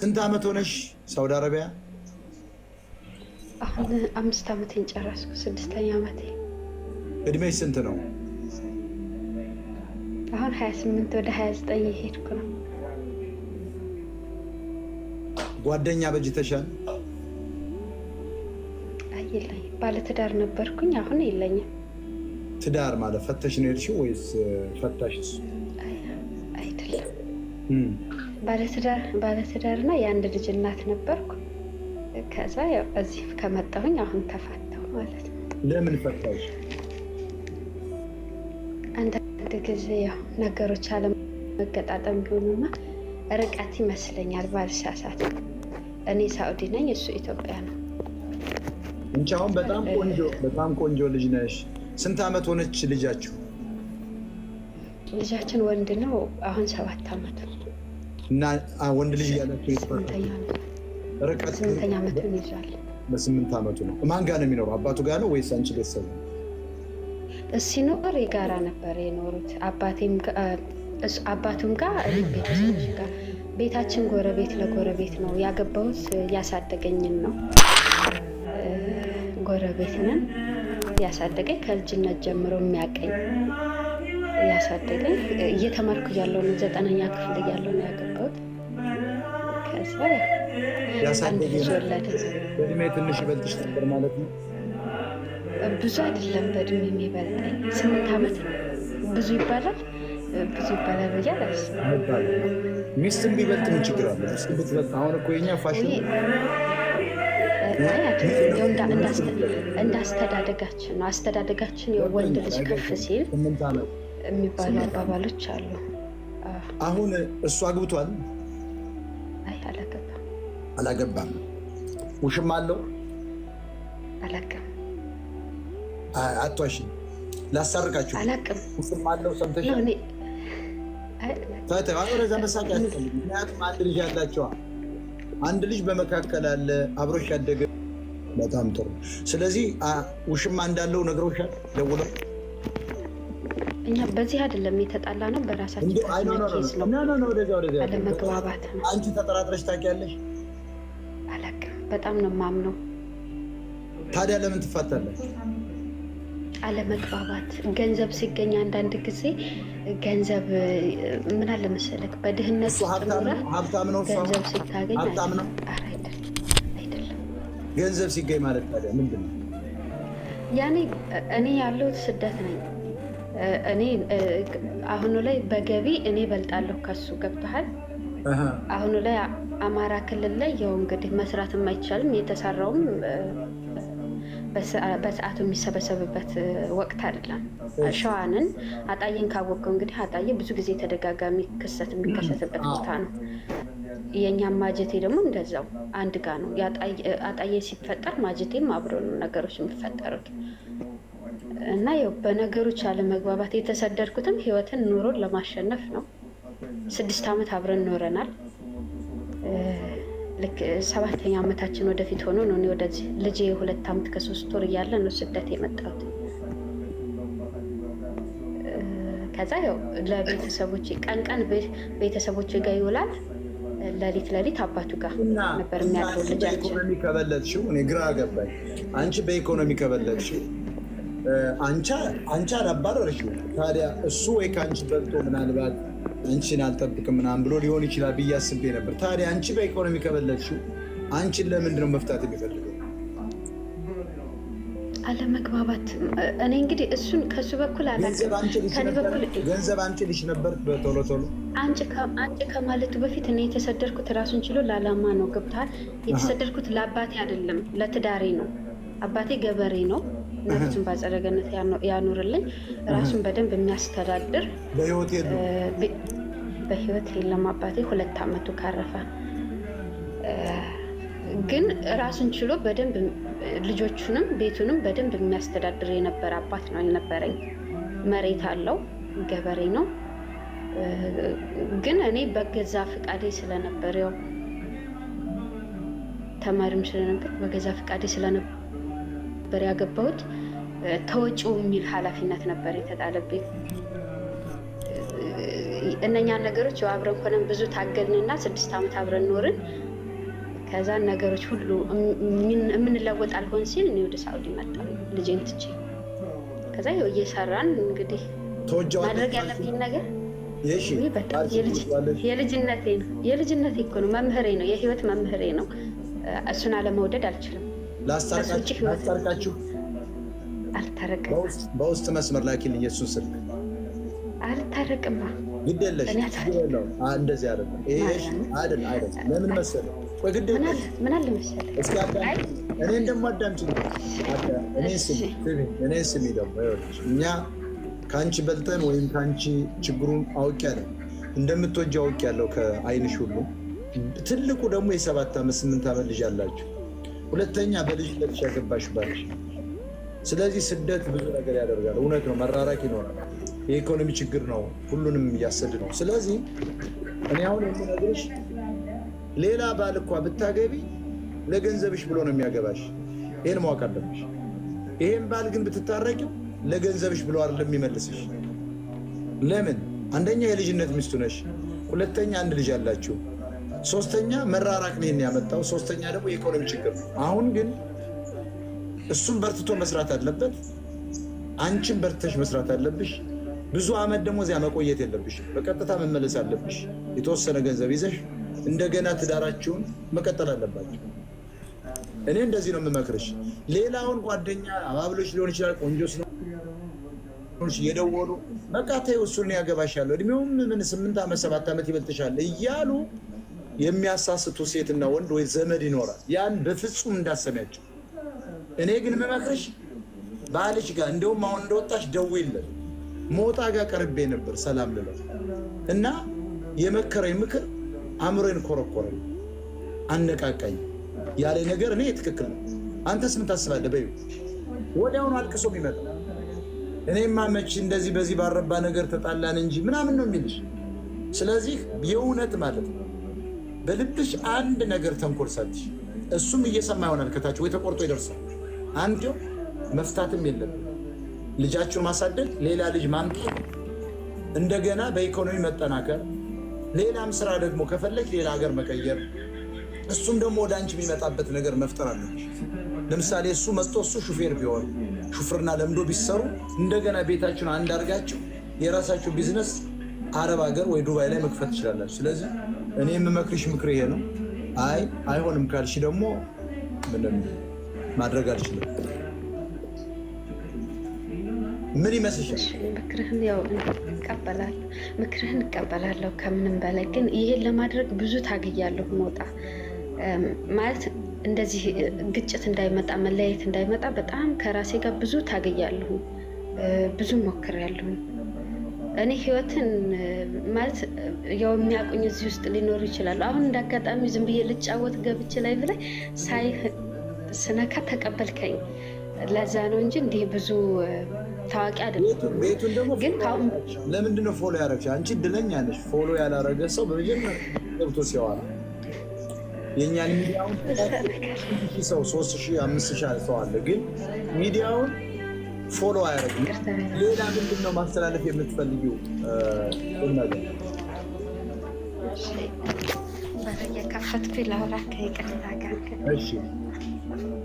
ስንት ዓመት ሆነሽ ሳውዲ አረቢያ? አሁን አምስት ዓመቴን ጨረስኩ፣ ስድስተኛ ዓመቴ። እድሜሽ ስንት ነው? አሁን 28 ወደ 29 የሄድኩ ነው። ጓደኛ በጅተሻል? አይ ባለትዳር ነበርኩኝ፣ አሁን የለኝም። ትዳር ማለት ፈተሽ ነው የሄድሽው ወይስ ፈታሽ? አይደለም ባለትዳር እና የአንድ ልጅ እናት ነበርኩ። ከዛ ያው እዚህ ከመጣሁኝ አሁን ተፋታሁ ማለት ነው። ለምን ፈታሽ? አንዳንድ ጊዜ ያው ነገሮች አለመገጣጠም ቢሆኑና ርቀት ይመስለኛል ባልሳሳት። እኔ ሳኡዲ ነኝ፣ እሱ ኢትዮጵያ ነው። አንቺ አሁን በጣም ቆንጆ በጣም ቆንጆ ልጅ ነሽ። ስንት ዓመት ሆነች ልጃችሁ? ልጃችን ወንድ ነው። አሁን ሰባት አመት? ነው። እና ወንድ ልጅ ያለችው በስምንት ዓመቱ ነው። ማን ጋር ነው የሚኖረው? አባቱ ጋር ነው ወይስ አንቺ ቤተሰብ? ሲኖር የጋራ ነበር የኖሩት አባቱም ጋር ቤተሰቦች ጋር። ቤታችን ጎረቤት ለጎረቤት ነው። ያገባሁት ያሳደገኝን ነው። ጎረቤት ነን። ያሳደገኝ ከልጅነት ጀምሮ የሚያቀኝ ያሳደገኝ እየተማርኩ ያለውን ዘጠነኛ ክፍል እያለሁ ነው ያገባሁት። በእድሜ ትንሽ ይበልጥሽ ነበር ማለት ነው? ብዙ አይደለም በእድሜ የሚበልጠኝ ስምንት ዓመት ብዙ ይባላል ብዙ ይባላል ብዬ ሚስትም ቢበልጥ ምን ችግር አለ? ሚስት ብትበልጥ አሁን እኮ የኛ ፋሽን እንዳስተዳደጋችን ነው። አስተዳደጋችን የወንድ ልጅ ከፍ ሲል ስምንት ዓመት የሚባሉ አባባሎች አሉ። አሁን እሱ አግብቷል? አላገባም። ውሽም አለው? አላቅም። አቷሽ ላሳርቃችሁ። አላቅም። ውሽም አለው ሰምተሻል? ወደዛ መሳቅ ያስፈልግ። ምክንያቱም አንድ ልጅ ያላቸዋ አንድ ልጅ በመካከል አለ አብሮሽ ያደገ በጣም ጥሩ። ስለዚህ ውሽማ እንዳለው ነግሮሻል ደውለው እኛ በዚህ አይደለም የተጣላ ነው፣ በራሳችን ኬዝ ነው፣ አለመግባባት ነው። አንቺ ተጠራጥረሽ ታውቂያለሽ? አላውቅም። በጣም ነው የማምነው። ታዲያ ለምን ትፋታለሽ? አለመግባባት ገንዘብ ሲገኝ አንዳንድ ጊዜ ገንዘብ ምን አለ መሰለህ፣ በድህነት ሀብታም ነው ገንዘብ ሲታገኝ አይደለም። ገንዘብ ሲገኝ ማለት ታዲያ ምንድን ነው? ያኔ እኔ ያለሁት ስደት ነኝ እኔ አሁኑ ላይ በገቢ እኔ በልጣለሁ ከሱ ገብቶሃል። አሁኑ ላይ አማራ ክልል ላይ ያው እንግዲህ መስራትም አይቻልም። የተሰራውም በሰዓቱ የሚሰበሰብበት ወቅት አይደለም። ሸዋንን አጣዬን ካወቀው እንግዲህ አጣዬ ብዙ ጊዜ ተደጋጋሚ ክሰት የሚከሰትበት ቦታ ነው። የእኛም ማጀቴ ደግሞ እንደዛው አንድ ጋ ነው። አጣዬ ሲፈጠር ማጀቴም አብሮ ነው ነገሮች የሚፈጠሩት። እና ያው በነገሮች አለመግባባት የተሰደድኩትም ህይወትን ኑሮን ለማሸነፍ ነው። ስድስት ዓመት አብረን ኖረናል። ልክ ሰባተኛ ዓመታችን ወደፊት ሆኖ ነው እኔ ወደዚህ ልጅ የሁለት ዓመት ከሶስት ወር እያለ ነው ስደት የመጣሁት። ከዛ ያው ለቤተሰቦች ቀን ቀን ቤተሰቦች ጋር ይውላል፣ ለሊት ለሊት አባቱ ጋር ነበር የሚያድረው ልጃችን። ኢኮኖሚ ከበለጥሽው፣ እኔ ግራ ገባኝ። አንቺ በኢኮኖሚ ከበለጥሽው አንቺ አላባረርሽው። ታዲያ እሱ ወይ ከአንቺ በልጦ ምናልባት አንቺን አልጠብቅም ምናምን ብሎ ሊሆን ይችላል ብዬ አስቤ ነበር። ታዲያ አንቺ በኢኮኖሚ ከበለጥሽው አንቺን ለምንድን ነው መፍታት የሚፈልገው? አለመግባባት እኔ እንግዲህ እሱን ከሱ በኩል ገንዘብ አንቺ ልሽ ነበር ቶሎ ቶሎ አንቺ ከማለቱ በፊት እኔ የተሰደርኩት ራሱን ችሎ ለዓላማ ነው። ገብተሃል? የተሰደርኩት ለአባቴ አይደለም ለትዳሬ ነው። አባቴ ገበሬ ነው። እናቶችን ባጸደ ገነት ያኑርልኝ። ራሱን በደንብ የሚያስተዳድር በህይወት የለም አባቴ ሁለት አመቱ ካረፈ ግን ራሱን ችሎ በደንብ ልጆቹንም ቤቱንም በደንብ የሚያስተዳድር የነበረ አባት ነው የነበረኝ። መሬት አለው፣ ገበሬ ነው። ግን እኔ በገዛ ፍቃዴ ስለነበር ያው ተማሪም ስለነበር በገዛ ፍቃዴ ስለነበር ነበር ያገባሁት። ተወጪው የሚል ኃላፊነት ነበር የተጣለብኝ። እነኛን ነገሮች አብረን ሆነን ብዙ ታገልንና ስድስት ዓመት አብረን ኖርን። ከዛን ነገሮች ሁሉ የምንለወጥ አልሆን ሲል እኔ ወደ ሳውዲ መጣሁ ልጄን ትቼ። ከዛ ይኸው እየሰራን እንግዲህ ማድረግ ያለብኝ ነገር የልጅነቴ ነው። የልጅነቴ እኮ ነው መምህሬ ነው፣ የህይወት መምህሬ ነው። እሱን አለመውደድ አልችልም። ላስታርቃችሁ። በውስጥ መስመር ላኪልኝ የእሱን ስልክ። አልታረቅም። ግድ የለሽ እንደዚህ አይደል አይደል? ለምን መሰለህ? ግድ እኔን ደግሞ አዳምጪኝ። ስሚ ደግሞ እኛ ከአንቺ በልጠን ወይም ከአንቺ ችግሩን አውቄያለሁ፣ እንደምትወጂው አውቄያለሁ፣ ከአይንሽ ሁሉ ትልቁ ደግሞ የሰባት ዓመት ስምንት ዓመት ልጅ አላችሁ ሁለተኛ በልጅ ለልጅ ያገባሽ ባልሽ። ስለዚህ ስደት ብዙ ነገር ያደርጋል። እውነት ነው፣ መራራቅ ይኖራል። የኢኮኖሚ ችግር ነው፣ ሁሉንም እያሰድ ነው። ስለዚህ እኔ አሁን የምነግርሽ ሌላ ባል እኳ ብታገቢ ለገንዘብሽ ብሎ ነው የሚያገባሽ። ይህን ማወቅ አለብሽ። ይሄን ባል ግን ብትታረቂው ለገንዘብሽ ብሎ አይደለም የሚመልስሽ። ለምን? አንደኛ የልጅነት ሚስቱ ነሽ፣ ሁለተኛ አንድ ልጅ አላችሁ። ሶስተኛ መራራቅ ነው ያመጣው። ሶስተኛ ደግሞ የኢኮኖሚ ችግር ነው። አሁን ግን እሱም በርትቶ መስራት አለበት። አንቺም በርተሽ መስራት አለብሽ። ብዙ አመት ደግሞ እዚያ መቆየት የለብሽ። በቀጥታ መመለስ አለብሽ። የተወሰነ ገንዘብ ይዘሽ እንደገና ትዳራችሁን መቀጠል አለባቸው። እኔ እንደዚህ ነው የምመክርሽ። ሌላውን ጓደኛ አባብሎች ሊሆን ይችላል ቆንጆ የደወሉ በቃ ተይው እሱን ያገባሻለሁ እድሜውም ምን ስምንት ዓመት ሰባት ዓመት ይበልጥሻል እያሉ የሚያሳስቱ ሴትና ወንድ ወይ ዘመድ ይኖራል። ያን በፍጹም እንዳሰሚያቸው። እኔ ግን መመክርሽ ባልሽ ጋር እንደውም አሁን እንደወጣሽ ደውይለት። ሞጣ ጋር ቀርቤ ነበር ሰላም ልለው እና የመከረኝ ምክር አእምሮን ኮረኮረ አነቃቃኝ። ያለ ነገር እኔ ትክክል ነው። አንተስ ምን ታስባለህ? በይ ወዲያውኑ አልቅሶ የሚመጣ እኔ ማመች እንደዚህ በዚህ ባረባ ነገር ተጣላን እንጂ ምናምን ነው የሚልሽ። ስለዚህ የእውነት ማለት ነው በልብሽ አንድ ነገር ተንኮል ሳትሽ እሱም እየሰማ ይሆናል ከታች ወይ ተቆርጦ ይደርሳል። አንዴው መፍታትም የለም ልጃችሁን ማሳደግ፣ ሌላ ልጅ ማምጣት፣ እንደገና በኢኮኖሚ መጠናከር፣ ሌላም ስራ ደግሞ ከፈለግ ሌላ ሀገር መቀየር፣ እሱም ደግሞ ወደ አንቺ የሚመጣበት ነገር መፍጠር አለ። ለምሳሌ እሱ መጥቶ እሱ ሹፌር ቢሆን ሹፍርና ለምዶ ቢሰሩ እንደገና ቤታችሁን አንድ አድርጋችሁ የራሳችሁ ቢዝነስ አረብ ሀገር ወይ ዱባይ ላይ መክፈት ትችላለች። ስለዚህ እኔ የምመክርሽ ምክር ይሄ ነው። አይ አይሆንም ካልሽ ደግሞ ምንም ማድረግ አልችልም። ምን ይመስልሻል? ምክርህን ያው እቀበላለሁ፣ ምክርህን እቀበላለሁ። ከምንም በላይ ግን ይሄን ለማድረግ ብዙ ታግያለሁ። መውጣ ማለት እንደዚህ ግጭት እንዳይመጣ መለያየት እንዳይመጣ በጣም ከራሴ ጋር ብዙ ታግያለሁ፣ ብዙ ሞክሬያለሁ። እኔ ህይወትን ማለት ያው የሚያውቁኝ እዚህ ውስጥ ሊኖሩ ይችላሉ። አሁን እንዳጋጣሚ ዝም ብዬ ልጫወት ገብቼ ላይ ብላይ ሳይ ስነካ ተቀበልከኝ። ለዛ ነው እንጂ እንዲህ ብዙ ታዋቂ አይደለም። ቤቱን ደግሞ ለምንድን ነው ፎሎ ያደረግሽ? አንቺ እድለኛ ነሽ። ፎሎ ያላረገ ሰው በመጀመሪያ ገብቶ ሲያዋል የእኛን ሚዲያውን ሰው ሶስት ሺህ አምስት ሺህ አልተዋለ ግን ሚዲያውን ፎሎ አያደርግም። ሌላ ምንድን ነው ማስተላለፍ የምትፈልጊው ነገር? በየከፈትኩ ላውራ ከይቅርታ ጋር